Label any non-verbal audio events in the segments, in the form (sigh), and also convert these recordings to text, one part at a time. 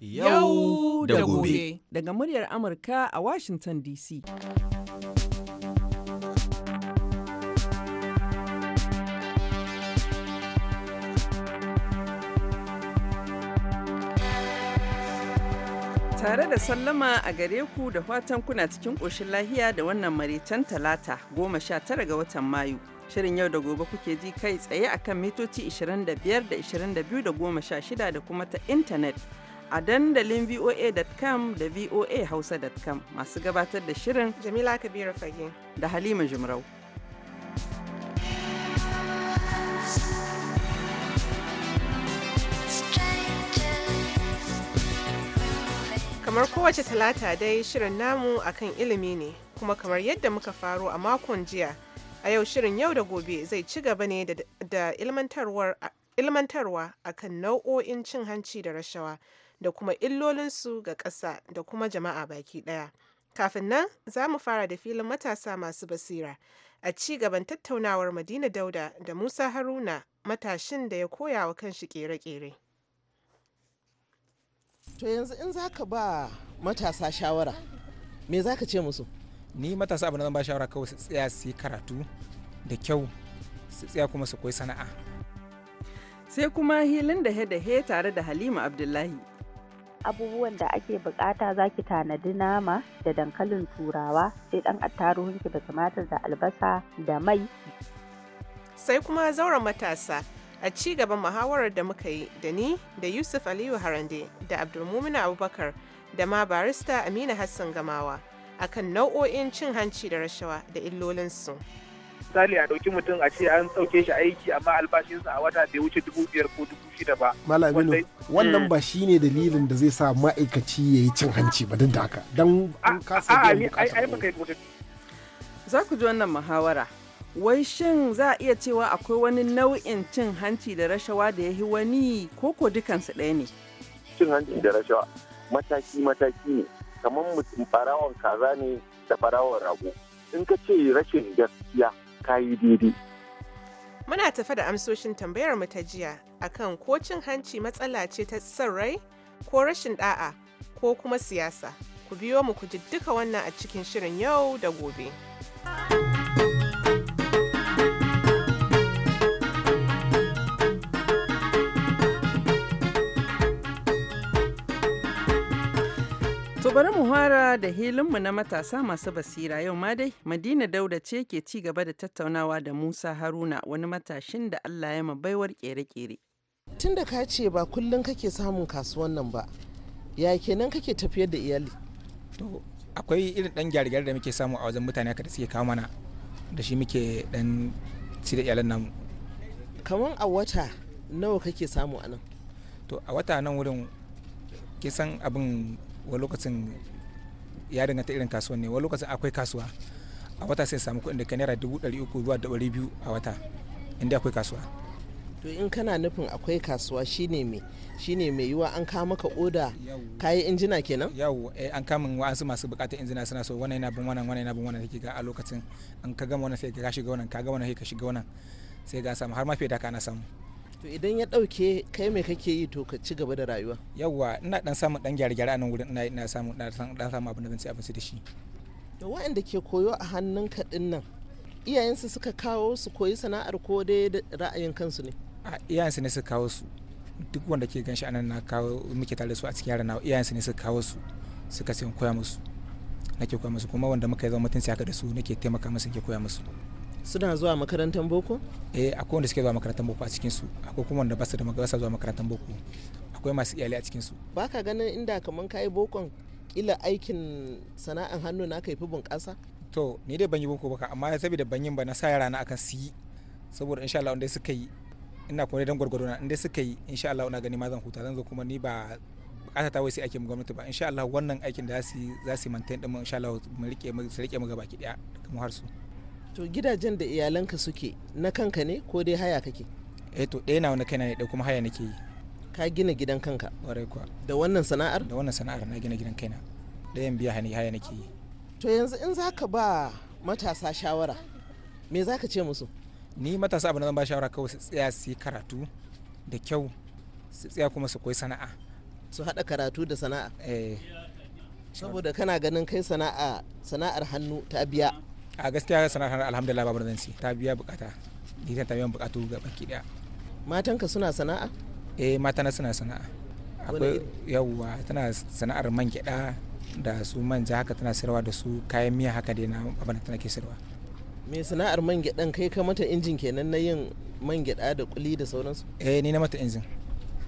yau da gobe daga muryar Amurka a Washington DC. tare da sallama a gare ku da fatan kuna cikin ƙoshin lahiya da wannan maritan talata goma sha tara ga watan mayu shirin yau da gobe kuke ji kai tsaye akan mitoci 25 da 22 da goma sha shida da kuma ta intanet a dandalin voa.com da voahausa.com masu gabatar da shirin Jamila Kabiru Fage da Halima Jumrau. kamar kowace talata dai shirin namu akan ilimi ne kuma kamar yadda muka faro a makon jiya a yau shirin yau da gobe zai ci gaba ne da ilmantarwa akan nau'o'in cin hanci da rashawa da kuma illolinsu ga ƙasa da kuma jama'a baki ɗaya. Kafin nan za mu fara da filin matasa masu basira a ci gaban tattaunawar Madina Dauda da Musa Haruna matashin da ya koya wa kanshi ƙere-ƙere. To yanzu in za ka ba matasa shawara, me za ka ce musu? Ni matasa abu da zan ba shawara kawai su tsaya su yi karatu da kyau su tsaya kuma su koyi sana'a. Sai kuma hilin da he da he tare da Halima Abdullahi. abubuwan da ake bukata ki tanadi nama da dankalin turawa sai dan ki da tumatir da albasa da mai sai kuma zauren matasa a ci gaban muhawarar da muka yi da ni da yusuf aliyu harande da abdulmumin abubakar da ma barista amina hassan gamawa akan nau'o'in cin hanci da rashawa da illolinsu. misali a ɗauki mutum a ce an ɗauke shi aiki amma albashinsa a wata bai wuce dubu biyar ko dubu shida ba. Malamino wannan mm. ba shi ne dalilin da zai sa ma'aikaci ya yi cin hanci ba duk da haka don ka sa biyan bukatar. Za ku ji wannan muhawara. Wai shin za a iya cewa akwai wani nau'in cin hanci da rashawa da ya yi wani koko dukansu ɗaya ne? Cin hanci da rashawa mataki-mataki ne kamar mutum barawon kaza ne da barawon rago. In ka ce rashin gaskiya ka daidai muna tafa da amsoshin tambayar mu ta jiya akan ko cin hanci matsala ce ta son rai ko rashin da'a ko kuma siyasa ku biyo mu ku ji duka wannan a cikin shirin yau da gobe. To bari mu fara da hilinmu na matasa masu basira yau ma dai Madina Dauda ce ke ci gaba da tattaunawa da Musa Haruna wani matashin da Allah ya baiwar kere-kere. Tun da ka ce ba kullum kake samun kasuwan nan ba, ya kenan kake tafiyar da iyali? To akwai irin dan gyare-gyare da muke samu a wajen mutane da suke kawo mana da shi muke dan ci da iyalan namu. Kaman a wata nawa kake samu a nan? To a wata nan wurin kisan abin wani lokacin ya danganta irin kasuwan ne wani lokacin akwai kasuwa a wata sai samu kuɗin da ka naira dubu ɗari uku zuwa ɗari biyu a wata inda akwai kasuwa to in kana nufin akwai kasuwa shine me shine mai yiwa an kawo maka oda kayi injina kenan yau eh an min wa'ansu masu bukatar injina suna so wannan yana bin wannan wannan yana bin wannan take ga a lokacin an ka gama wannan sai ka shiga wannan ka gama wannan sai ka shiga wannan sai ga samu har ma fiye da ka na samu to idan ya ɗauke kai mai kake yi to ka ci gaba da rayuwa yawwa ina dan samun dan gyare-gyare a nan wurin ina ina samun dan samun abin da zan ci abinci da shi da waɗanda ke koyo a ka din nan iyayensu suka kawo su koyi sana'ar ko dai ra'ayin kansu ne a iyayensu ne suka kawo su duk wanda ke ganshi anan na kawo muke tare su a cikin yaran nawa iyayensu ne suka kawo su suka sai koya musu nake koya musu kuma wanda muka yi zama mutunci haka da su nake taimaka musu nake koya musu suna zuwa makarantar boko eh akwai wanda suke zuwa makarantar boko a cikin su akwai kuma wanda basu da magarasa zuwa makarantar boko akwai masu iyali a cikin su baka ganin inda kaman kai bokon kila aikin sana'an hannu na kai fi bunƙasa to ni dai ban yi boko baka amma saboda ban yin ba na sa yara na akan su yi saboda insha Allah wanda suka yi ina kuma dan gwargwado na inda suka yi insha Allah ina gani ma zan huta zan zo kuma ni ba bukata ta wai sai aikin gwamnati ba insha Allah wannan aikin da za su za su maintain din mu insha Allah mu rike mu rike mu gaba ki daya kamar har su to gidajen da iyalanka suke na kanka ne ko dai haya kake eh to ɗaya na wani kaina ne da kuma haya nake yi ka gina gidan kanka ƙwarai kuwa da wannan sana'ar da wannan sana'ar na gina gidan kaina ɗayan biya hani haya nake yi to yanzu in za ka ba matasa shawara me za ka ce musu ni matasa abu na zan ba shawara kawai su tsaya su yi karatu da kyau su tsaya kuma su koyi sana'a su haɗa karatu da sana'a eh saboda kana ganin kai sana'a sana'ar hannu ta biya a gaskiya sana'ar alhamdulillah babu nan ta biya bukata ni ta biyan bukatu ga baki daya matanka suna sana'a eh mata na suna sana'a akwai yawwa tana sana'ar man gyada da su manja haka tana sayarwa da su kayan miya haka dai na abin tana ke sayarwa me sana'ar man gyadan kai ka mata injin kenan na yin man gyada da kuli da sauransu eh ni na mata injin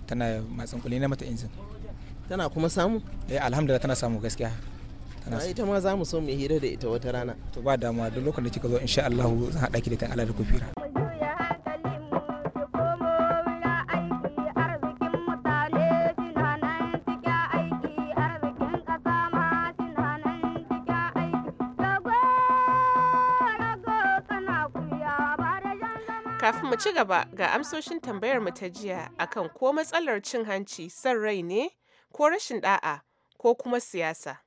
tana matsin kuli na mata injin tana kuma samu eh alhamdulillah tana samu gaskiya ita ma za mu so mu hira da ita wata rana to ba dama duk lokacin da kika zo insha Allah zan haɗa ki da kan Allah da ku fira kafin mu ci gaba ga amsoshin tambayar mu ta jiya akan ko matsalar cin hanci son rai ne ko rashin da'a ko kuma siyasa.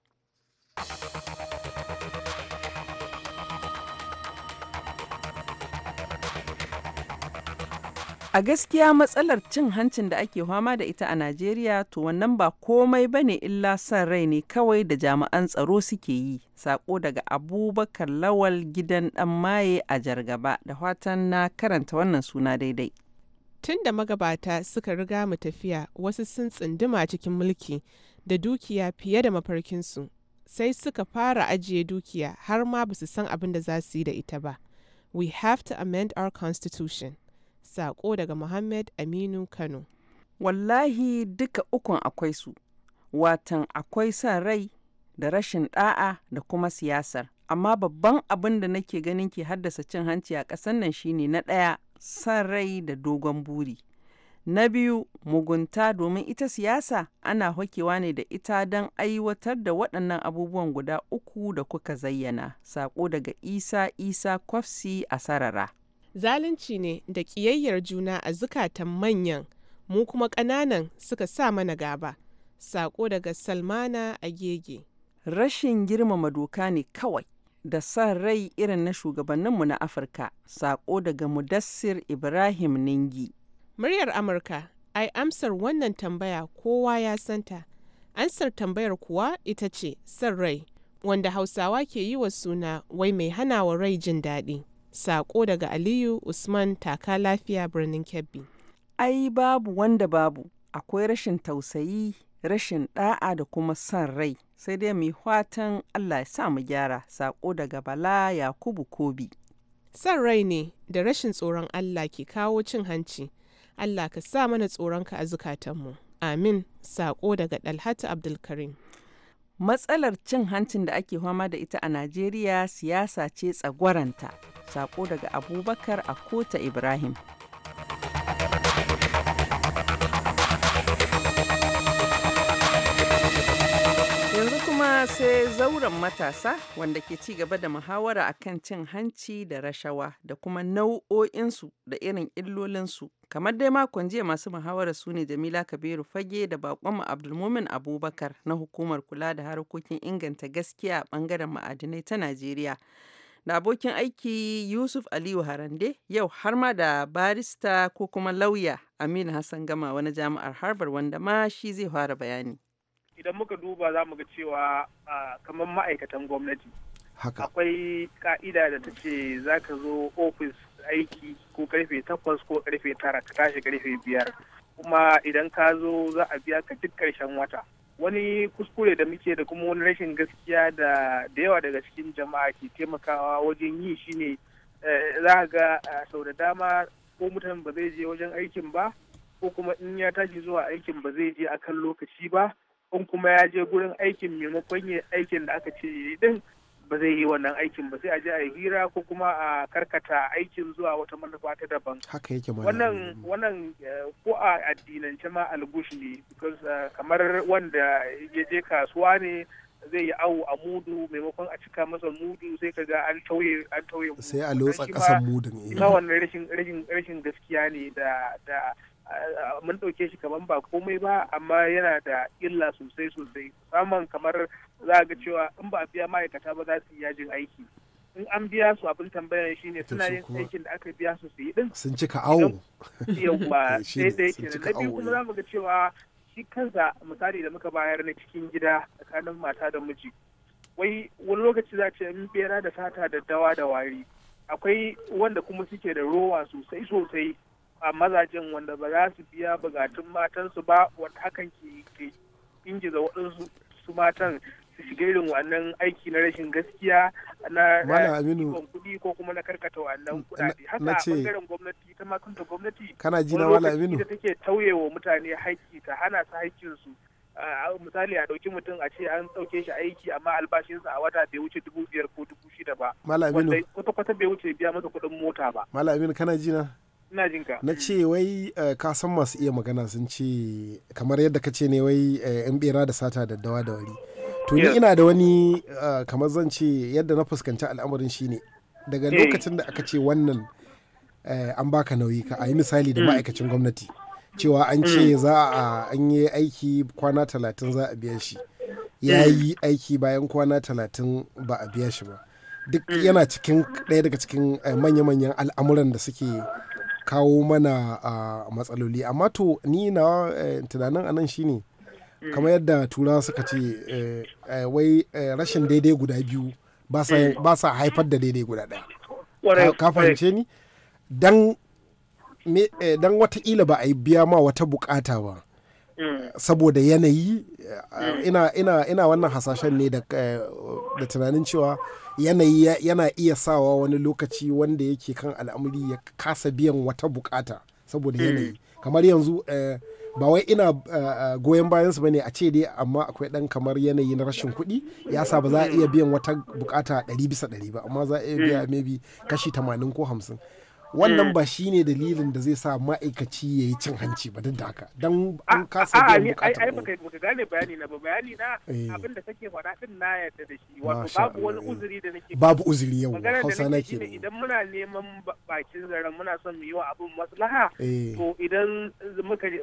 A gaskiya matsalar cin hancin da ake fama da ita a Najeriya to wannan ba komai ba ne illa son rai ne kawai da jami'an tsaro suke yi. Sako daga Abubakar Lawal gidan ɗan maye a Jargaba da fatan na karanta wannan suna daidai. Tun da magabata suka riga mu tafiya wasu sun tsinduma cikin mulki da dukiya fiye da mafarkinsu sai suka fara ajiye dukiya har ma ba su san abin da za su yi da ita ba. We have to amend our constitution. Sako daga Muhammad Aminu Kano. Wallahi duka ukun akwai su, watan akwai son rai da rashin ɗa'a da kuma siyasar. Amma babban abin da nake ganin ke haddasa cin hanci a ƙasar nan shine na ɗaya son rai da dogon buri. Na biyu, mugunta domin ita siyasa ana hokewa ne da ita don aiwatar da waɗannan abubuwan guda uku da kuka zayyana. saƙo daga Isa Isa Kwafsi a Sarara. Zalunci ne da ƙiyayyar juna a zukatan manyan, mu kuma ƙananan suka sa mana gaba. saƙo daga Salmana a Gege. Rashin girmama doka ne kawai. da san rai irin na shugabanninmu na Afirka, sako daga Mudassir Ibrahim Ningi. Muryar Amurka, ai amsar wannan tambaya kowa ya santa. Ansar tambayar kuwa ita ce san rai, wanda Hausawa ke yi wa suna wai mai hana wa rai jin daɗi. saƙo daga Aliyu Usman taka lafiya birnin Kebbi. Ai babu wanda babu, akwai rashin tausayi, rashin ɗa'a da kuma san rai. Sai dai mai fatan Allah ya sa mu gyara. Sako daga Bala Yakubu Kobi. San rai ne da rashin tsoron Allah ke kawo cin hanci. Allah ka sa mana tsoronka a zukatanmu. Amin, saƙo daga Dalhatu Abdulkarim. Matsalar cin hancin da ake fama da ita a Najeriya siyasa ce tsagwaranta. Saƙo daga Abubakar a Kota Ibrahim. sai zauren matasa wanda ke ci gaba da muhawara akan cin hanci da rashawa da kuma nau'o'insu da irin illolinsu. Kamar dai makon jiya masu muhawara su ne Jamila Kabiru Fage da bakonmu Abdulmumin Abubakar na hukumar kula da harkokin inganta gaskiya a bangaren ma'adinai ta Najeriya. Da abokin aiki Yusuf Aliyu Harande yau har ma da barista ko kuma lauya Aminu Hassan Gama wani jami'ar Harvard wanda ma shi zai fara bayani. idan muka duba za mu ga cewa kamar ma'aikatan gwamnati akwai ka'ida da ta ce za ka zo ofis aiki ko karfe takwas ko karfe tara ka tashi karfe biyar kuma idan ka zo za a biya ka duk karshen wata wani kuskure da muke da kuma wani rashin gaskiya da da yawa daga cikin jama'a ke taimakawa wajen yi shine eh, za ga sau da dama ko mutum ba zai je wajen aikin ba ko kuma in ya tashi zuwa aikin ba zai je akan lokaci ba in kuma ya je gurin aikin maimakon ya aikin da aka ce din ba zai yi wannan aikin ba sai a je a hira ko kuma a karkata aikin zuwa wata manufa ta daban haka yake wannan wannan eh, ko a addinance ma algush ne because eh, kamar wanda ya je kasuwa ne zai yi awo a mudu maimakon a cika masa mudu sai ka ga an tauye an tauye sai a lotsa kasan mudun eh. ina wannan rashin rashin rashin gaskiya ne da da mun ɗauke shi kamar ba komai ba amma yana da illa sosai sosai musamman kamar za ga cewa in ba a biya ma'aikata ba za su yi yajin aiki in an biya su abin tambayar shi ne suna yin aikin da aka biya su su yi din sun cika awo yawwa (laughs) sai da yake na biyu kuma za mu ga cewa shi kansa misali da muka bayar na cikin gida tsakanin mata da miji wai wani lokaci za ce in bera da sata da dawa da wari akwai wanda kuma suke da rowa sosai sosai a mazajen wanda ba za su biya bugatun matansu ba wanda hakan ke ingiza waɗansu su matan su shiga irin wannan aiki na rashin gaskiya na eh, kuɗi ko kuma na karkata wannan kuɗaɗe haka a ɓangaren gwamnati ta makanta gwamnati kana ji na mala aminu ita take tauye wa mutane haƙƙi ta hana su A misali a ɗauki mutum a ce an ɗauke shi aiki amma albashinsa a wata bai wuce dubu biyar ko dubu shida ba. Malaminu. Wanda kwata-kwata bai wuce biya masa kuɗin mota ba. Malaminu kana ji na? na ce wai eh, ka san masu iya magana sun ce kamar yadda ka ce ne wai in eh, bera da sata da dawa da wari to ina da wani eh, kamar zan ce yadda na fuskanci al'amarin shine daga lokacin da aka ce wannan an baka nauyi ka a yi misali da mm. ma'aikacin gwamnati cewa an ce mm. za a an yi aiki kwana talatin za a biya shi mm. ya yi aiki bayan kwana talatin ba a biya shi ba duk yana cikin ɗaya daga cikin manya-manyan al'amuran da suke kawo mana a matsaloli amma to ni na eh, tunanin a anan shine kamar yadda tura suka ce eh, eh, wai rashin daidai guda biyu ba sa haifar da daidai guda ɗaya ka fahimce ni dan dan watakila ba a yi biya ma wata bukata ba mm. saboda yanayi Eh, ina wannan hasashen ne da eh, tunanin cewa yanayi yana iya sawa wani lokaci wanda yake kan al'amuri ya kasa biyan wata bukata saboda hmm. yanayi kamar yanzu eh, ba wai ina goyon bayan su bane a ce dai amma akwai dan kamar yanayi na rashin kuɗi ya sa ba za a iya biyan wata bukata ɗari bisa ɗari ba amma za a iya hmm. biya maybe kashi 80 ko 50 wannan mm. ba shi ne dalilin da zai sa ma'aikaci ya yi cin hanci ba duk da haka don an kasa biyan bukatar ai baka baka gane bayani na ba bayani na eh. abin da kake faɗa din na yadda da shi wato babu wani uzuri da nake babu uzuri yau Hausa na ke idan muna neman bakin zaren muna son mu yi wa abin maslaha eh. to idan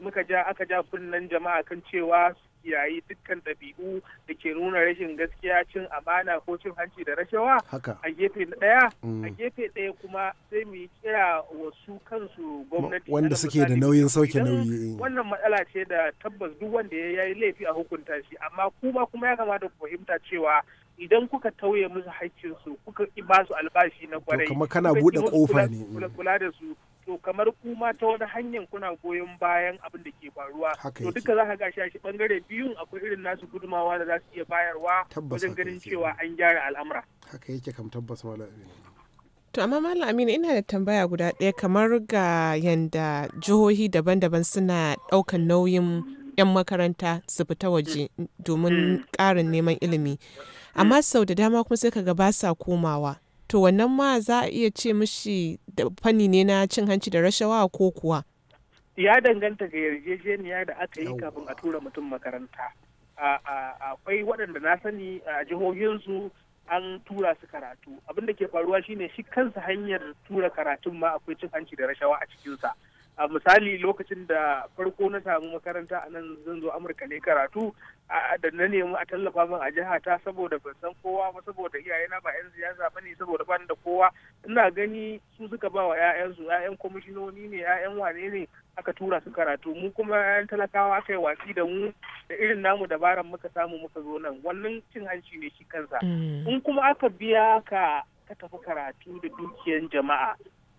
muka ja aka ja kunnen jama'a kan cewa kiyaye dukkan ɗabi'u da ke nuna rashin gaskiya cin amana ko cin hanci da rashawa a gefe ɗaya a mm. gefe ɗaya kuma sai mu yi kira wasu kansu gwamnati wanda suke da nauyin sauke nauyi eh. wannan matsala ce da tabbas duk wanda ya yi laifi a hukunta shi amma kuma kuma ya kamata ku fahimta cewa idan kuka tauye musu haƙƙinsu kuka ba su albashi na kwarai kuma kana bude kofa ne kula da su to kamar kuma ta wani hanyar kuna goyon bayan abin da ke faruwa to duka za ka ga shi bangare biyun akwai irin nasu gudumawa da za su iya bayarwa wajen ganin cewa an gyara al'amura haka yake kam tabbas malam To amma Malam Aminu ina da tambaya guda ɗaya kamar ga yanda jihohi daban-daban suna ɗaukan nauyin 'yan makaranta su fita waje mm. domin mm. ƙarin neman ilimi. amma mm. sau da dama kuma sai kaga ba sa komawa to wannan ma za a iya ce mishi da fanni ne na cin hanci da rashawa ko kuwa ya danganta ga yarjejeniya da aka yi kafin a tura mutum makaranta akwai waɗanda na sani a jihohinsu an tura su karatu abin da ke faruwa shine shi kansa hanyar tura karatun ma akwai cin hanci da rashawa a cikinsa a misali lokacin da farko na samu makaranta a nan zan zo amurka ne karatu da na nemi a tallafa min a jiha ta saboda ban san kowa ba saboda iyayena ba yan siyasa bane saboda ban da kowa ina gani su suka ba wa ƴaƴansu ƴaƴan kwamishinoni ne ƴaƴan wane ne aka tura su karatu mu kuma ƴaƴan talakawa aka yi watsi da mu da irin namu dabaran muka samu muka zo nan wannan cin hanci ne shi kansa mm. in kuma aka biya ka ka tafi karatu da dukiyan jama'a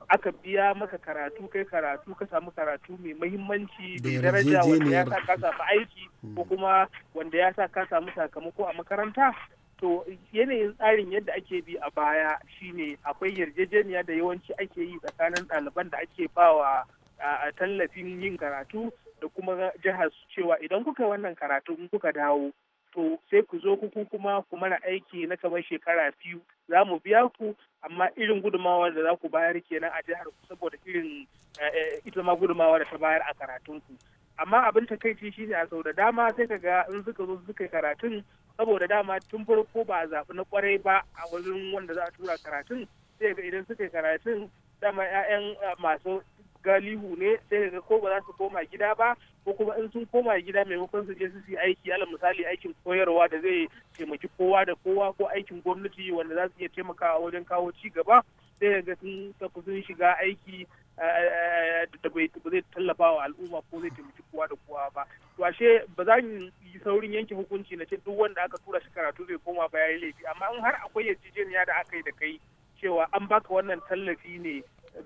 aka biya maka karatu kai karatu ka samu karatu mai mahimmanci da daraja wanda ya sa ka samu aiki ko hmm. kuma wanda ya sa ka samu sakamako a makaranta to yanayin tsarin yadda ake bi a baya shine akwai yarjejeniya da yawanci ake yi tsakanin ɗaliban da ake bawa a tallafin yin karatu da kuma jihar su cewa idan kuka wannan karatu kuka dawo to sai ku zo kuku kuma ku mana aiki na kamar shekara biyu za mu biya ku amma irin gudumawar da za ku bayar kenan a jihar ku saboda irin eh, eh, ita ma gudumawa da ta bayar a karatun ku. amma abin ta shi ne a sau da dama sai ka ga in suka zo suka karatun saboda dama tun farko ba a zaɓi na kwarai ba a wajen wanda za a tura karatun sai ga idan suka karatun dama 'ya'yan eh, masu galihu ne sai ga ko ba za su koma gida ba ko kuma in sun koma gida maimakon su je su yi aiki alal misali aikin koyarwa da zai taimaki kowa da kowa ko aikin gwamnati wanda za su iya taimakawa wajen kawo ci gaba sai ga sun tafi sun shiga aiki eh, eh, da bai zai tallafa wa al'umma ko zai taimaki kowa da kowa ba to ashe ba za yi saurin yanke hukunci na ce duk wanda aka tura shi karatu zai koma ba yayi laifi amma in har akwai yarjejeniya da aka yi da kai cewa an baka wannan tallafi ne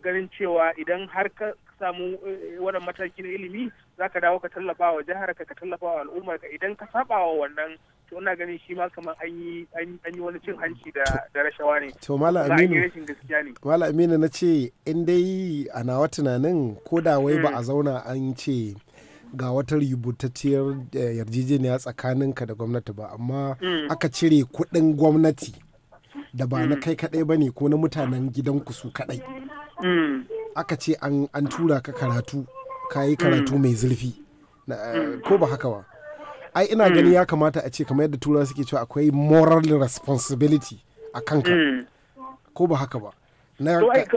ganin cewa idan har ka samu eh, wannan mataki na ilimi za ka dawo ka tallafa wa jihar ka tallafa wa al'ummar ka idan ka saba wa wannan to ina ganin shi ma kamar an yi an yi wani cin hanci da da rashawa ne to mala aminu mala aminu na ce in dai a nawa tunanin ko da wai ba a hmm. zauna an ce ga wata rubutacciyar eh, yarjejeniya tsakanin ka da gwamnati ba amma hmm. aka cire kuɗin gwamnati da ba na hmm. kai kaɗai ba ne ko na mutanen gidanku su kaɗai Mm. aka ce an tura ka karatu ka yi karatu mm. mai zurfi eh, ko ba haka ba ai ina mm. gani ya kamata a ce kamar yadda tura suke cewa akwai moral responsibility a kanka ko ba haka ba na eh,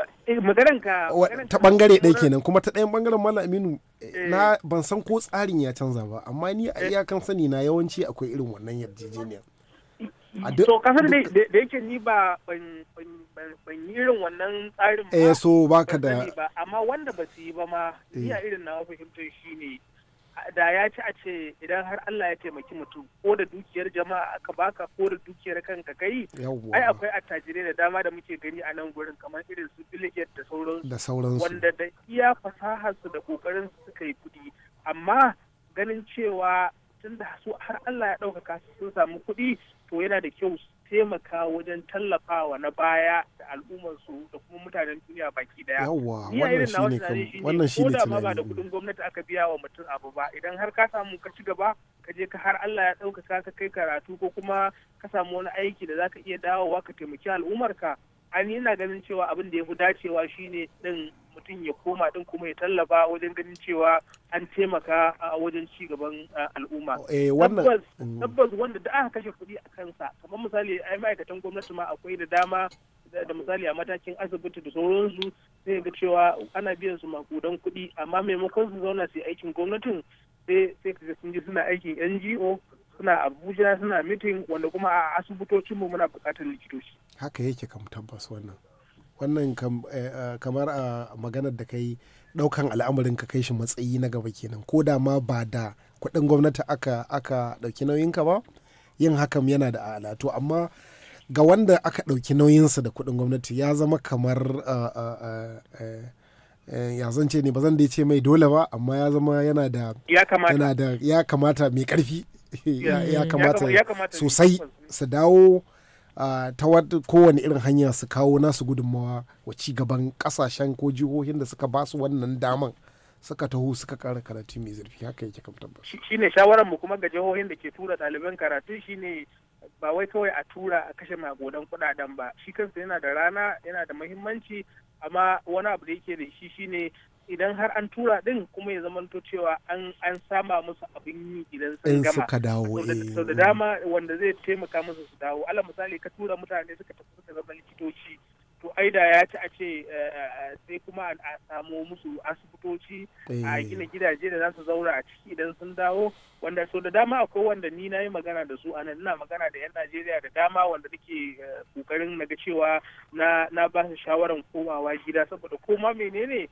ta bangare ɗaya kenan kuma ta ɗayan bangaren malam aminu eh, na ban san ko tsarin ya canza ba amma ni a iyakan sani na yawanci akwai irin wannan yarjejeniya to kasar da yake ni ba ban yi irin wannan tsarin ba eh so baka da amma wanda ba su yi ba ma iya eh. irin na fahimtar shi ne da ya ci a ce idan har Allah ya taimaki mutum ko da dukiyar jama'a aka baka ko da dukiyar kanka kai ai akwai attajirai da dama da muke gani a nan gurin kamar irin su Bilgiyar da sauransu da sauransu wanda da iya fasahar su da kokarin su suka yi kuɗi amma ganin cewa tunda su har Allah ya ɗaukaka su sun samu kuɗi to yana da kyau taimaka wajen tallafawa na baya da al'ummarsu da kuma mutanen duniya baki daya. Yawwa wannan shi ne kam wannan shi ne tunani. ba da kudin gwamnati aka biya wa mutum abu ba idan har ka samu ka ci gaba ka je ka har Allah ya ɗaukaka ka kai karatu ko kuma ka samu wani aiki da zaka iya dawowa ka taimaki al'ummarka. Ani ina ganin cewa abin da ya fi dacewa shine din mutum ya koma din kuma ya tallafa wajen ganin cewa an taimaka wajen ci gaban al'umma. Oh, eh, mm. Tabbas wanda da aka kashe kuɗi a kansa kamar misali ai ma'aikatan gwamnati ma akwai da dama da misali a matakin asibiti da sauransu sai ga cewa ana biyan su makudan kuɗi amma maimakon su zauna su aikin gwamnatin sai sai ka sun ji suna aikin NGO suna Abuja suna mitin wanda kuma a asibitocinmu muna buƙatar likitoci. Haka yake kam tabbas wannan. wannan eh, eh, kamar a ah, maganar da kai daukan al'amarin ka kai shi matsayi na gaba kenan ko da ma ba da kuɗin gwamnati aka aka ɗauki nauyinka ba yin hakan yana da alatu amma ga wanda aka ɗauki nauyinsa da kuɗin gwamnati ya zama kamar ah, ah, eh, ya zance ne ba zan da ce mai dole ba amma ya zama yana da ya kamata mai karfi ya kamata sosai su dawo ta kowane irin hanya su kawo nasu gudunmawa wa ci gaban kasashen ko jihohin da suka basu wannan daman suka taho suka kara karatu mai zurfi haka yake kam tabbas shine shawaran mu kuma ga jihohin da ke tura ɗaliban karatu shine ba wai kawai a tura a kashe magodan kudaden ba shi kansa yana da rana yana da muhimmanci amma wani abu da yake da shi shine idan har an tura din kuma ya zamanto cewa an an sama musu abin yi idan sun gama suka dawo eh. sau da dama wanda zai taimaka musu su dawo ala misali ka tura mutane suka tafi suka zama likitoci to aida ya ci a ce eh, eh, sai kuma a samo musu asibitoci a gina gidaje da za su zaura a ciki idan sun dawo wanda so da dama akwai wanda ni na yi magana da su a nan ina magana da 'yan najeriya da dama wanda nake kokarin na ga cewa na ba su shawaran komawa gida saboda koma menene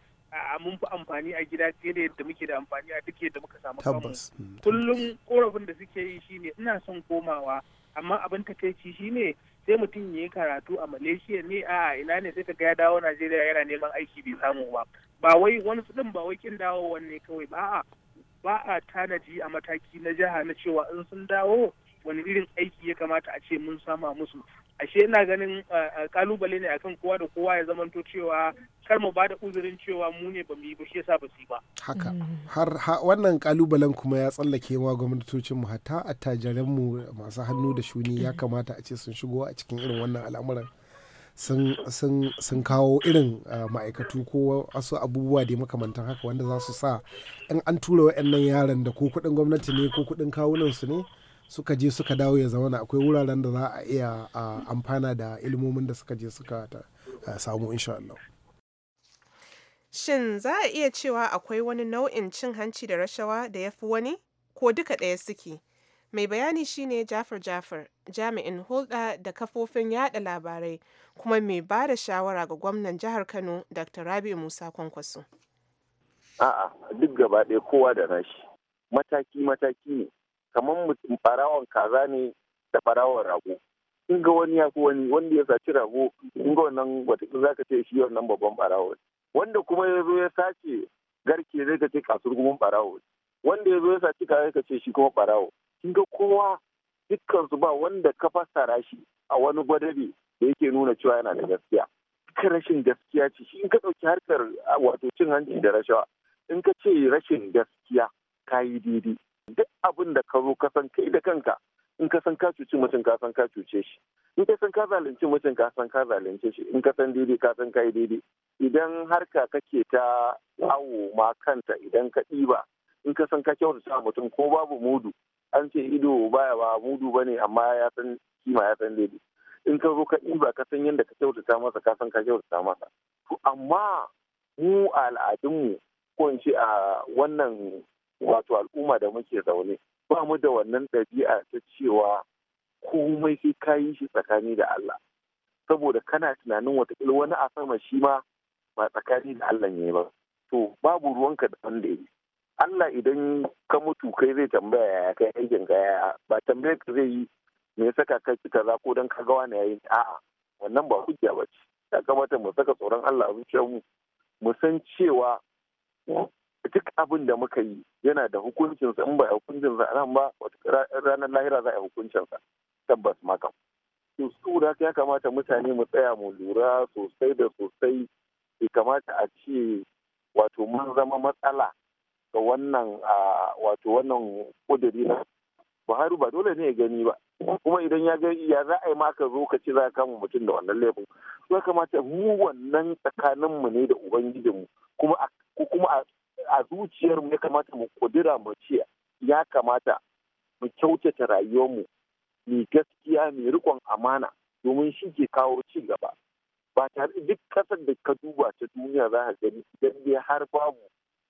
mun fi amfani a gida fiye da yadda muke da amfani a duk yadda muka samu kanmu hmm, kullum korafin da suke yi shine ina son komawa amma abin ta takaici shine sai mutum ya yi karatu a malaysia ne a ina ne sai ka ga ya dawo najeriya yana neman aiki bai samu ba ba wai wani din ba wai kin dawo wanne kawai ba a ba a tanaji a mataki na jiha na cewa in sun dawo wani irin aiki ya kamata a ce mun sama musu ashe ina ganin kalubale ne akan kowa da kowa ya zamanto cewa kar mu bada uzurin cewa mu ne ba mu yi ba shi yasa ba su ba haka mm. har wannan kalubalen kuma ya tsallake wa mu hatta attajiran mu masu hannu da shuni ya kamata a ce sun shigo a cikin irin wannan al'amuran sun kawo irin ma'aikatu ko wasu abubuwa da makamantan haka wanda za su sa in an tura wa'annan yaran da ko kuɗin gwamnati ne ko kuɗin kawunan su ne suka je suka dawo ya zama akwai wuraren da za a iya amfana da ilmomin da suka je suka samu insha Allah. Shin za a iya cewa akwai wani nau'in cin hanci da rashawa da ya fi wani ko duka ɗaya suke? Mai bayani shine Jafar Jafar, jami'in hulɗa da kafofin yada labarai kuma mai ba da shawara ga gwamnan jihar Kano Dr. Rabi Musa Kwankwaso. A'a, duk gaba ɗaya kowa da nashi. Mataki mataki ne. kamar mutum barawon kaza ne da barawon rago in ga wani ya fi wani wanda ya saci rago in ga wannan wataƙil za ka ce shi wannan babban barawo wanda kuma ya zo ya sace garke zai ka ce kasurgumin barawo wanda ya zo ya saci kaza ka ce shi kuma barawo in ga kowa dukkan su ba wanda ka fassara shi a wani gwadabe da yake nuna cewa yana da gaskiya duka rashin gaskiya ce shi in ka ɗauki harkar wato cin hanci da rashawa in ka ce rashin gaskiya ka yi daidai duk abin da ka zo ka san kai da kanka in ka san ka cuci mutum ka san ka cuce shi in ka san ka zalunci mutum ka san ka zalunce shi in ka san daidai ka san kai daidai idan harka kake ta awo ma kanta idan ka ɗiba in ka san ka kyautata mutum ko babu mudu an ce ido baya ba mudu bane amma ya san kima ya san daidai in ka zo ka ɗiba ka san yadda ka kyautata masa ka san ka kyautata masa to amma mu a al'adunmu ko in ce a wannan wato al'umma da muke zaune ba mu da wannan ɗabi'a ta cewa komai sai ka yi shi tsakani da Allah saboda kana tunanin watakila wani a sama shi ma ba tsakani da Allah ne ba to babu ruwanka da wanda yi Allah idan ka mutu kai zai tambaya ya kai aikin ka ya ba tambayar ka zai yi me ya saka ka ci kaza ko dan ka ga wani yayi a'a wannan ba hujja ba ce ya kamata mu saka tsoron Allah a zuciyarmu mu san cewa duk abin da muka yi yana da hukuncinsa in ba a hukuncinsa nan ba ranar lahira za a hukuncinsa tabbas makam to saboda ya kamata mutane mu tsaya mu lura sosai da sosai ya kamata a ce wato mun zama matsala ga wannan wato wannan kudiri na Buhari ba dole ne ya gani ba kuma idan ya ga ya za a yi maka zo ka ci za ka kama mutum da wannan laifin ya kamata mu wannan tsakaninmu ne da ubangijinmu kuma a a zuciyarmu ya kamata mu kudura mu ce ya kamata mu kyautata rayuwarmu mai gaskiya mai rikon amana domin shi ke kawo ci gaba ba tare duk kasar da ka duba ta duniya za ka gani idan dai har babu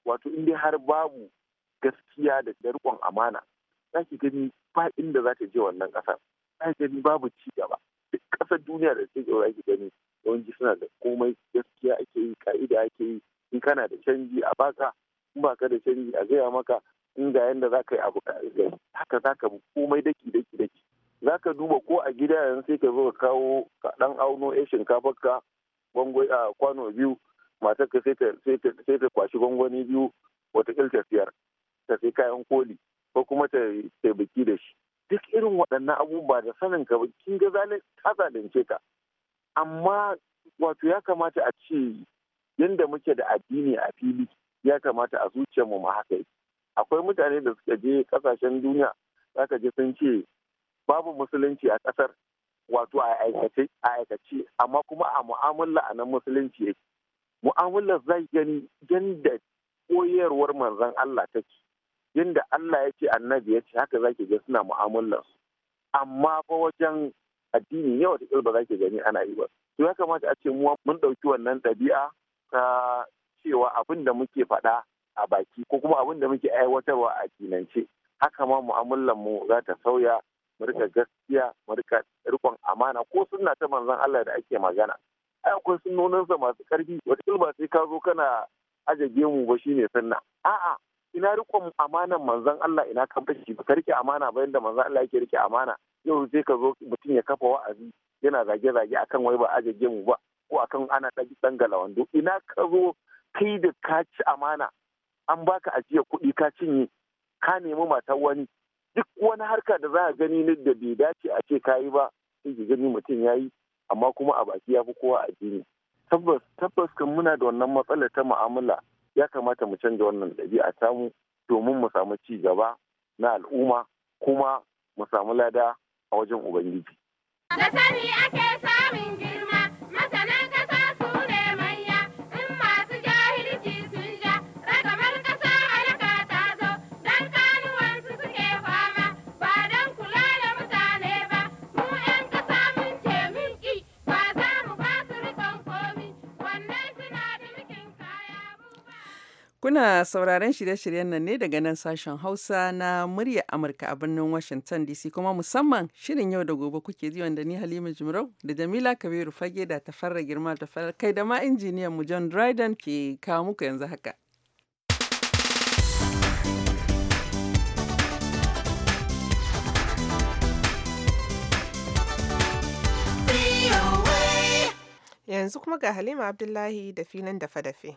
wato in dai har babu gaskiya da rikon amana za ki gani ba inda za ta je wannan kasar za ki gani babu ci gaba duk kasar duniya da ta za ki gani yawanci suna da komai gaskiya ake yi ka'ida ake yi in kana da canji a baka in baka da canji a gaya maka in ga yanda za ka yi abu haka za ka komai daki daki daki za ka duba ko a gida yanzu sai ka zo ka kawo ka dan auno ya shinkafa ka a kwano biyu matar ka sai ta kwashi gwangwani biyu wata ta siyar ta sai kayan koli ko kuma ta biki da shi duk irin waɗannan abubuwa da sanin ka kin ga zalin ka zalunce ka amma wato ya kamata a ce yadda muke da addini a fili ya kamata a zuciyarmu mu haka yake akwai mutane da suka je kasashen duniya zaka je sun ce babu musulunci a kasar wato a aikace a aikace amma kuma a mu'amala a nan musulunci yake mu'amalar zai gani yadda koyarwar manzon Allah take yadda Allah ya ce annabi ya ce haka zaki ga suna mu'amalar amma fa wajen addini yau da ba zaki gani ana yi ba to ya kamata a ce mun ɗauki wannan ɗabi'a ta cewa abin da muke faɗa a baki ko kuma abin da muke aiwatarwa a kinance haka ma mu'amalar mu za ta sauya mu rika gaskiya mu rika amana ko sunna ta manzon Allah da ake magana ai akwai sa masu karfi wata ba sai ka zo kana ajaje gemu ba shine sunna a'a ina rikon amanan manzon Allah ina kan bashi ba karki amana ba yanda manzan Allah yake rike amana yau sai ka zo mutum ya kafa wa'azi yana zage-zage akan wai ba aje gemu ba ko akan ana ɗan dangala wando ina ka zo kai da ka ci amana an baka ajiya kuɗi ka cinye ka nemi mata wani duk wani harka da za a gani ne da bai dace a ce ka yi ba sai ki gani mutum ya yi amma kuma a baki ya fi kowa a jini tabbas tabbas kan muna da wannan matsalar ta mu'amala ya kamata mu canza wannan ɗabi'a tamu domin mu samu ci gaba na al'umma kuma mu samu lada a wajen ubangiji da sani ake samun Kuna sauraron shirye-shiryen nan ne daga nan sashen Hausa na murya Amurka a birnin Washington DC kuma musamman shirin yau da gobe kuke ji wanda ni Halima Jumrau da Jamila Kabiru Fage da Tafarra Girma fara kai da ma injiniyan mu John Dryden ke kawo muku yanzu haka. Yanzu kuma ga Halima Abdullahi da filin dafe-dafe.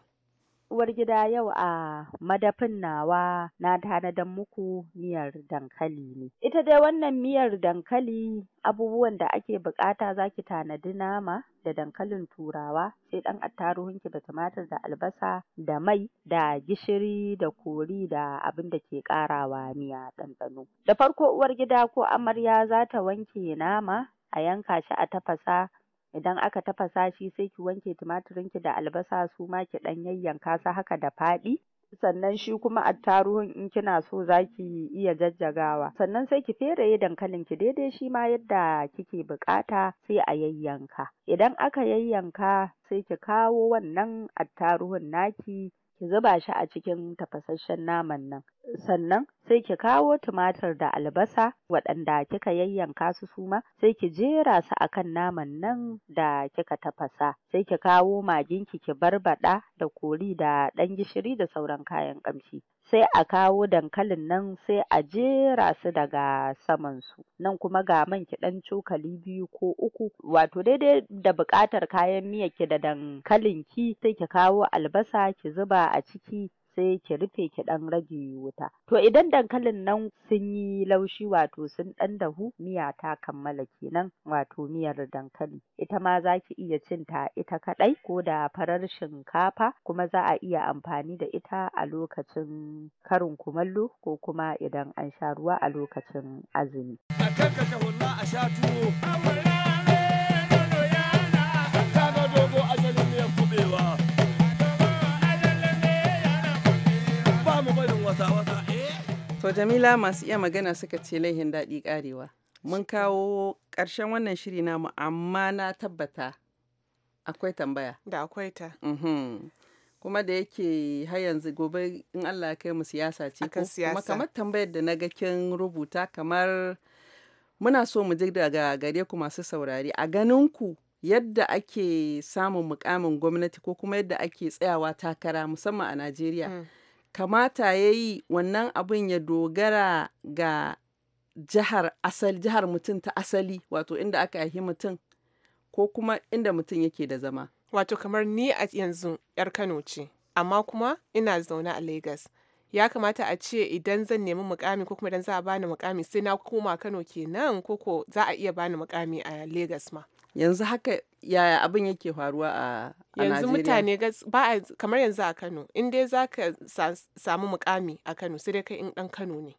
uwar gida yau a madafin nawa na tanadar muku miyar dankali ne. Ita dai wannan miyar dankali abubuwan da ake bukata za ki tanadi nama da dankalin turawa sai ɗan attaruhun da tumatir da albasa da mai da gishiri da kori da abin da ke ƙarawa miya ɗanɗano. Da farko uwar gida ko amarya zata wanke nama a yanka shi a tafasa idan aka tafasa shi sai ki wanke tumatirin ki da albasa su ma ki ɗan yayyanka su haka da faɗi sannan shi kuma attaruhun in kina so za ki iya jajjagawa sannan sai ki feraye dankalin ki daidai shi ma yadda kike buƙata sai a yayyanka idan aka yayyanka sai ki kawo wannan attaruhun naki ki zuba shi a cikin tafasasshen naman nan sannan sai ki kawo tumatir da albasa waɗanda kika yayyanka su suma sai ki jera su a kan naman nan da kika tafasa sai ki kawo maginki ki barbaɗa da kori da ɗan gishiri da sauran kayan ƙamshi sai a kawo dankalin nan sai a jera su daga saman su nan kuma ga man ki ɗan cokali biyu ko uku wato daidai da buƙatar kayan miyar ki da dankalin ki sai ki kawo albasa ki zuba a ciki sai ki rufe ki ɗan rage wuta to idan dankalin nan sun yi laushi wato sun ɗan dahu miya ta kammala kenan wato miyar dankali ita ma za ki iya cin ta ita kaɗai ko da farar shinkafa kuma za a iya amfani da ita a lokacin karin kumallo ko kuma idan an sha ruwa a lokacin azumi a a sha tuwo To Jamila masu iya magana suka ce laihin daɗi karewa Mun kawo ƙarshen wannan shiri namu amma na tabbata akwai tambaya. Da akwai ta. Uhm. Kuma da yake har yanzu gobe in Allah kai mu siyasa ce ko kuma kamar tambayar da na ga rubuta kamar muna so mu ji daga gare ku masu saurari a ganin ku yadda ake samun mukamin gwamnati ko kuma yadda ake tsayawa takara musamman a Najeriya. Mm. kamata ya yi wannan abun ya dogara ga jihar asali jihar mutum ta asali wato inda aka yi mutum ko kuma inda mutum yake da zama wato kamar ni a yanzu yar kano ce amma kuma ina zaune a lagos ya kamata a ce idan zan nemi mukami ko kuma idan za a bani mukami sai na koma kano kenan ko ko za a iya bani mukami a lagos ma yanzu haka yaya abin yake faruwa a yanzu mutane ba kamar yanzu a Kano in dai ka samu mukami a Kano sai dai kai in dan Kano ne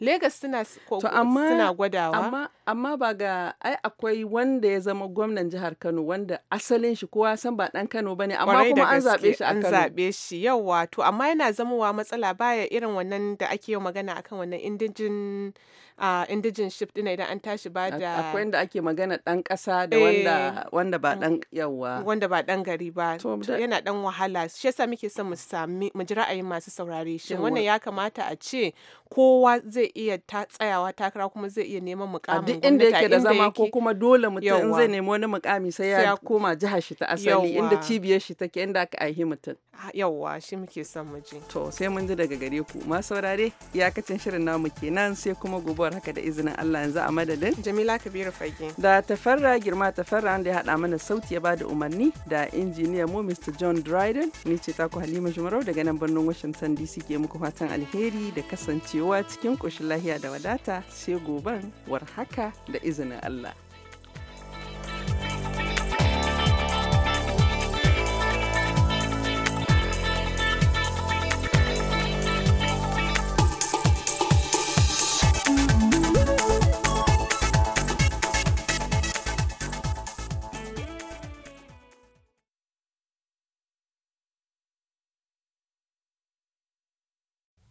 Legas suna suna gwadawa amma amma ba ga ai akwai wanda ya zama gwamnan jihar Kano wanda asalin shi kowa san ba dan Kano bane amma kuma an zabe shi a Kano an zabe shi yawa to amma yana zama wa matsala baya irin wannan da ake yau magana akan wannan indijin a indigenship din idan an tashi ba da akwai inda ake magana dan kasa da wanda eh, wanda ba dan yawa wanda ba dan gari ba yana dan wahala shi yasa muke son mu sami mu ji ra'ayin masu saurare shi wannan ya kamata a ce kowa zai iya ta tsayawa takara kuma zai iya neman mukamin gwamnati inda yake da zama ko kuma dole mutum in zai nemi wani mukami sai ya koma jihar shi ta asali inda cibiyar shi take inda aka aihi mutum yawa shi muke son mu ji to sai mun ji daga gare ku ma saurare iyakacin shirin namu kenan sai kuma gobe gobar haka da izinin Allah yanzu a madadin. Jamila Kabiru Fage. Da tafarra girma tafarra da ya haɗa mana sauti ya bada umarni da injiniya mu Mr. John Dryden ni ce taku Halima Jumarau daga nan birnin Washington DC ke muku fatan alheri da kasancewa cikin ƙoshin lahiya da wadata sai goban war haka da izinin Allah.